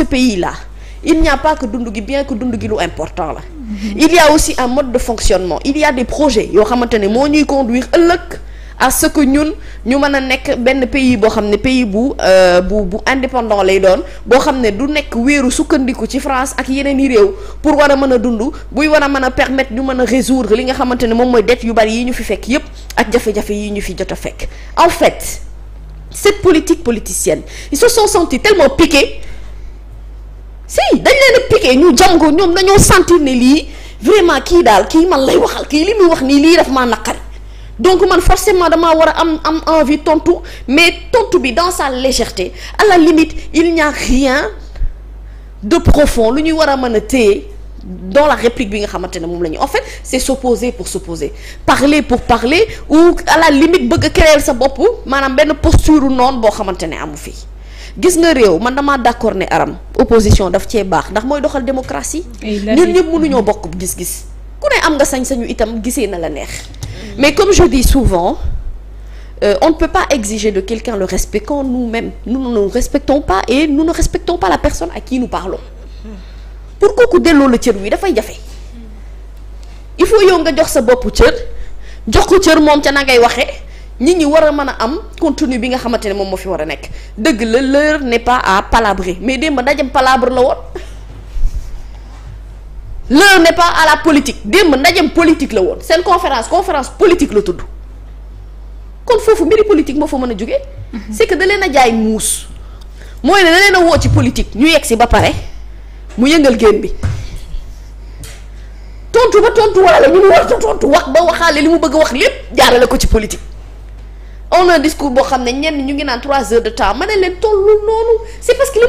ce pays-là il n'y a pas que dund gi bien que dund gi lu important la il y a aussi un mode de fonctionnement il y a des yoo xamante ne moo ñuy conduire ëllëg à ce que ñun ñu mën a nekk benn pays boo xam ne pays bu euh, bu bu indépendant lay doon boo xam ne du nekk wéeru sukkandiku ci France ak yeneen i réew pour war a mën a dundu buy war a mën a permettre ñu mën a résoudre li nga xamante ne moom mooy dette yu bari yi ñu fi fekk yépp ak jafe-jafe yi ñu fi jot a fekk en si dañ leen a piqué ñu jam ko ñoom dañoo sentir ne lii vraiment kii daal kii man lay waxal kii li muy wax nii lii daf maa naqari donc man forcément damaa war a am am envie tontu mais tontu bi dans sa légèreté à la limite il n'y a rien de profond lu ñuy war a mën a téye dans la réplique bi nga xamante ne moom la ñu en fait c'est s'opposer pour s'opposer parler pour parler ou à la limite bëgg a sa bopp maanaam benn posture noon boo xamante ne amu fii gis nga réew man damaa d'accord ne aram opposition daf cee baax ndax mooy doxal démocratie ñun ñëpp ñoo bokk gis-gis ku ne am nga sañ-sañu itam gisee na la neex mais comme je dis souvent euh, on ne peut pas exiger de quelqu'un le respect quand nous-mêmes nous ne nous respectons pas et nous ne respectons pas la personne à qui nous parlons pour kooku delloo la cër wi dafay jafe il faut yow nga jox sa bopp cër jox ko cër moom ca na ngay waxee nit ñi war a mën a am contenu bi nga xamante ne moom moo fi war a nekk dëgg la l'heure n'est pas à palabrer mais démb ndajem palabre la woon l'heure n'est pas la politique démb ndajem politique la woon seen conférence conférence politique la tudd kon foofu mbiri politique moo fa mën a jóge mhm. sekk que da leen a jaay muus mooy ne da leen a woo ci politique ñu yegg si ba pare mu yëngal génn bi tontu ba tontu waale ñu mu war a tontu wax ba waxaale li mu bëgg wax lépp jaarale ko ci politique on a discours boo xam ne ñenn ñu ngi naan trois heures de temps ma leen tollu que li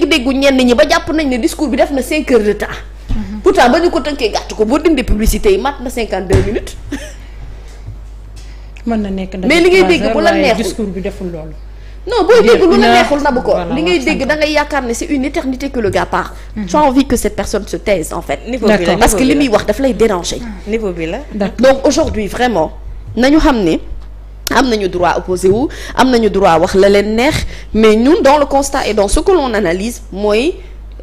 mu déggu ñenn ñi ba jàpp nañ ne discours bi def na cinq heures de temps mhm. pourtant ba ñu ko ko boo dindee publicité yi na cinquante deux minutes na nekk mais li ngay dégg bu la neexul discours loolu non booy dégg na bu ko ngay dégg da ngay yaakaar ne c'est une éternité que le mhm. personne se taise en fait parce que li muy wax daf lay déranger niveau bi la donc aujourd'hui vraiment na ñu xam ni am nañu droit opposé wu am nañu droit wax la leen neex mais ñun dans le constat et dans ce que l'on analyse mooy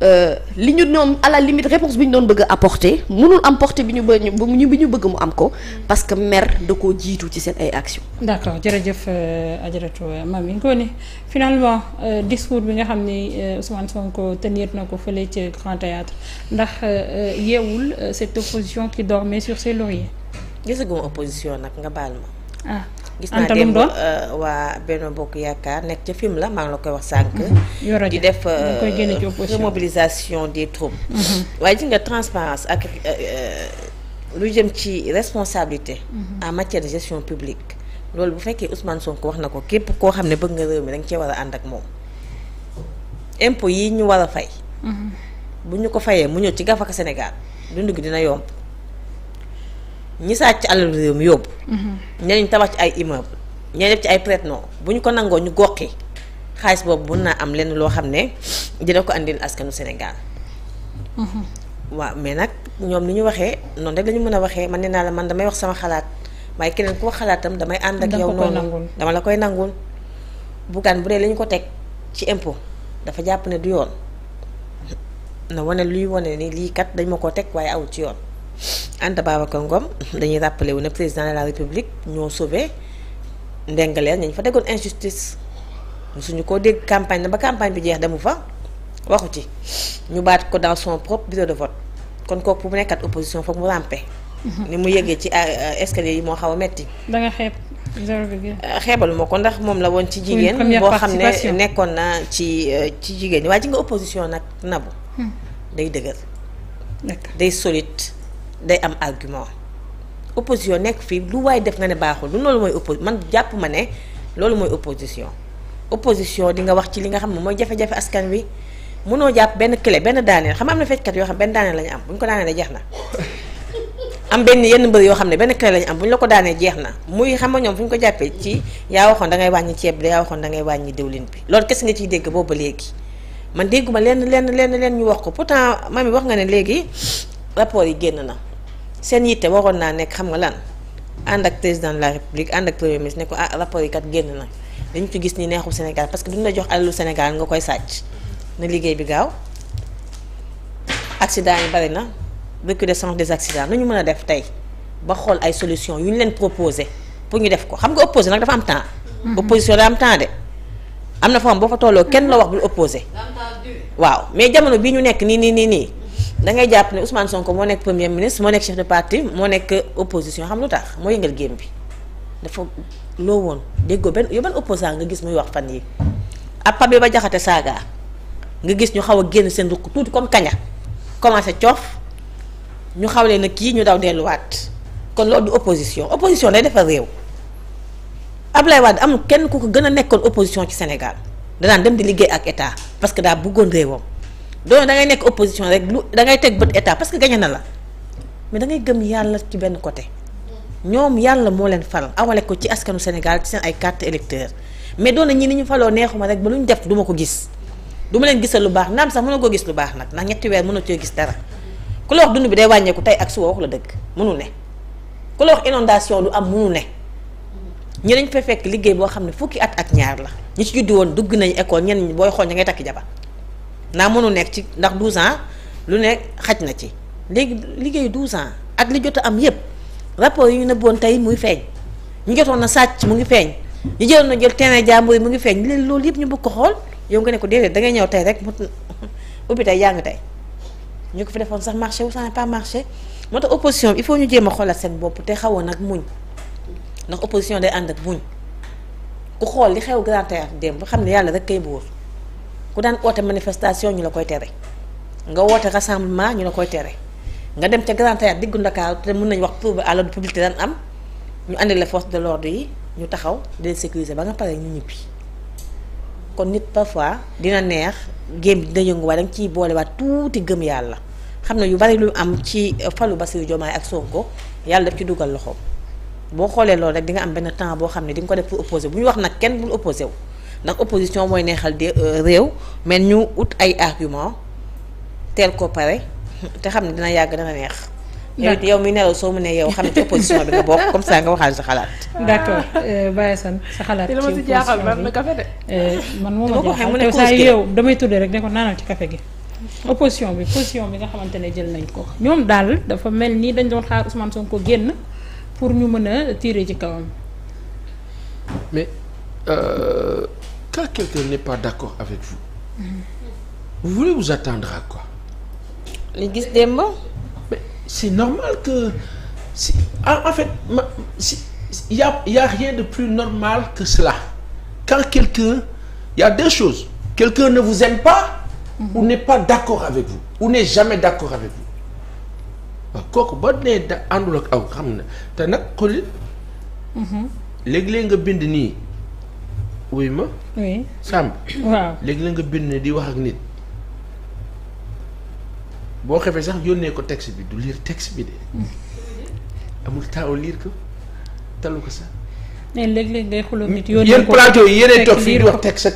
euh, li ñu doon à la limite réponse bi ñu doon bëgg a apporter mënul am portée bi ñu bëgg bi ñu bëgg mu am ko parce que maire da koo jiitu ci seen ay actions. d'accord jërëjëf euh, Adjaratou euh, Mamy Ngoné finalement euh, discours bi nga xam ni Ousmane Sonko tenir na ko fële ci Grand Théâtre ndax yeewul cette opposition qui dormait sur ses lauriers. gisaguma opposition nag nga baal ma. ah gis naa dem euh, waa benn Bokk Yaakaar nekk ca film la maa ngi la koy wax sànq. Mm-hmm. di def euh, remobilisation des troupes. Mm-hmm. waaye ji nga transparence ak euh, lu jëm ci responsabilité. Mm-hmm. en matière gestion publique. loolu bu fekkee Ousmane Sonko wax na ko képp koo xam ne bëgg nga réew mi da cee war a ànd ak moom. impôt yi ñu war a fay. bu ñu ko fayee mu ñëw ci gafaka Sénégal dund gi dina yomb. ñi sàcc alal réew mi yóbbu. Mhm. ñeneen tabax ci ay immeuble ñeneen def ci ay prête-nom bu ñu ko nangoo ñu goqi xaalis boobu mën naa am lenn loo xam ne dina ko andil askanu Sénégal. Mhm. waaw mais nag ñoom ni ñu waxee noonu rek la ñu mën a waxee man ne naa la man damay wax sama xalaat waaye keneen ku wax xalaatam damay ànd ak yow noonu dama la koy nangul. Bougane bu dee la ko teg ci impo dafa jàpp ne du yoon na wane luy wane ni lii kat dañ ma ko teg waaye awul ci yoon. Anta Babacar Ngom dañuy rappelé wu ne président de la république ñoo sauvé ndengaleer ñañ fa déggoon injustice suñu ko dégg campagne na ba campagne bi jeex demu fa waxu ci ñu baat ko dans son propre bureau de vote kon kooku bu nekkat opposition foog mu ràmpe mhm. ni mu yëgee ci a euh, euh, escalier yi moo xaw a metti da nga euh, xeebalu ma ko ndax moom la woon ci jigéen boo xam ne nekkoon na ci ci jigéen ñi waaye ji nga opposition nag nabu hmm. day dëgër day solide day am argument opposition nekk fii lu waaye def nga ne baaxul lu loolu mooy opposition man jàpp ma ne loolu mooy opposition opposition di nga wax ci li nga xam ne mooy jafe-jafe askan wi mënoo jàpp benn clé benn daaneel xam am na feckat yoo xam benn daanee la am bu ñu ko daanee jeex na am benn yenn mbër yoo xam ne benn clé la am bu ñu la ko daanee jeex na muy xam nga ñoom fu ñu ko jàppee ci yaa waxoon da ngay wàññi ceeb bi yaa waxoon da wàññi diwlin bi loolu kese nga ciy dégg boobu ba léegi man dégguma lenn lenn lenn lenn ñu wax ko pourtant mami wax nga ne léegi rapport yi génn na seen yitte waroon naa nekk xam nga lan ànd ak président de la république ànd ak premier ministre ne ko ah rapport yi kat génn na dañu ko gis ni neexul Sénégal parce que duñ la jox alalu Sénégal nga koy sàcc na liggéey bi gaaw accident yi bari na recrudescence des accidents nañu mën a def tey ba xool ay solution yu ñu leen proposé pour ñu def ko xam nga opposé nag dafa am temps. Mhm. opposition da am temps de. am na foo xam boo fa tolloo kenn la wax bul opposé. waaw mais jamono bii ñu nekk nii nii nii nii. da ngay jàpp ne Ousmane Sonko moo nekk premier ministre moo nekk chef de parti moo nekk opposition xam lu tax moo yëngal géem bi dafa loo woon déggoo benn yow benn opposant nga gis muy wax fan yi ab Pape ba jaxate saaga nga gis ñu xaw a génn seen rukk tuuti comme kaña commencé coof ñu xaw leen na kii ñu daw delluwaat kon loolu du opposition opposition day defar réew Ablaye Wade amul kenn ku ko gën a nekkoon opposition ci Sénégal danaan dem di liggéey ak état parce que daa bëggoon réewam. doo da ngay nekk opposition rek lu dangay teg bët état parce que gañe na la mais da ngay gëm yàlla ci benn côté ñoom yàlla moo leen faral awale ko ci askanu Sénégal ci seen ay carte électeur mais doon na ñi ni ñu faloo neexuma rek ba lu ñu def duma ko gis duma leen gisal lu baax naam sax mënoo ko gis lu baax nag ndax ñetti weer mënoo cee gis dara ku la wax dund bi day wàññeeku tey ak suba wax la dëgg mënu ne ku la wax inondation lu am mënu ne ñi dañ fa fekk liggéey boo xam ne fukki at ak ñaar la ñi woon dugg nañu école ñenn ñi booy xool ña ngay takki jabar ndax mënu nekk ci ndax 12 ans lu nekk xaj na ci léegi liggéey 12 ans ak li jot am yépp rapport yi ñu nëbboon tey muy feeñ ñu jotoon na sàcc mu ngi feeñ ñu jëloon na jël terrain jàmbur yi mu ngi feeñ leen loolu yëpp ñu bëgg ko xool yow nga ne ko déedéet da ngay ñëw tey rek mu ubbi tey yaa tey ñu ko fi defoon sax marché wu ça n'a pas marché moo tax opposition bi il faut ñu jéem a seen bopp te xawoon ak muñ ndax opposition day ànd ak muñ ku xool li xew Grand Théâtre xam ne yàlla rek kay buur ku daan oote manifestation ñu la koy tere nga woote rassemblement ñu la koy tere nga dem ca Grand Théâtre diggu Ndakaaru te mën nañu wax trouble à l'ordre public daan am ñu andi la force de l'ordre yi ñu taxaw di sécuriser ba nga pare ñu ñibbi kon nit parfois dina neex géem dina yëngu waaye danga ciy boolewaat tuuti gëm yàlla xam ne yu bari lu am ci falu Bassirou Diomaye ak Sonko yàlla def ci dugal loxoom boo xoolee loolu rek di nga am benn temps boo xam ne di nga ko def wax nag kenn bul opposé wu. ndax opposition mooy neexal de euh, réew mais ñu ut ay argument teel ko pare te xam ne dina yàgg dana neex. yow mi nelaw soo mu ne yow xam ne ci opposition bi nga bokk comme ça nga waxal sa xalaat. d'accord euh, Baye Assane sa xalaat. ci opposition bi jaaxal man na café de. Euh, man yow damay tudd rek ne ko naanal ci kafe gi. opposition bi position bi nga xamante ne jël nañ ko ñoom daal dafa mel nii dañ doon xaar Ousmane Sonko génn pour ñu mën a tiire ci kawam. quand quelqu'un n'est pas d'accord avec vous vous voulez vous attendre à quoi li gis démb mais c'est normal que si en fait ma si rien de plus normal que cela quand quelqu'un y a deux choses quelqu'un ne vous aime pas ou n'est pas d'accord avec vous ou n'est jamais d'accord avec vous waaw ba nee da ak aw xam na te nag xolit mhm. léeg nga bind nii wuy ma. oui Samb. waaw léegi la nga bind di wax ak nit boo xefee sax yónnee ko texte bi du liir texte bi de amul temps lire ko talu ko sax. mais léeg-léeg day xuloo nit yónnee ko yéen plateau yi yéenay toog fii di wax texte.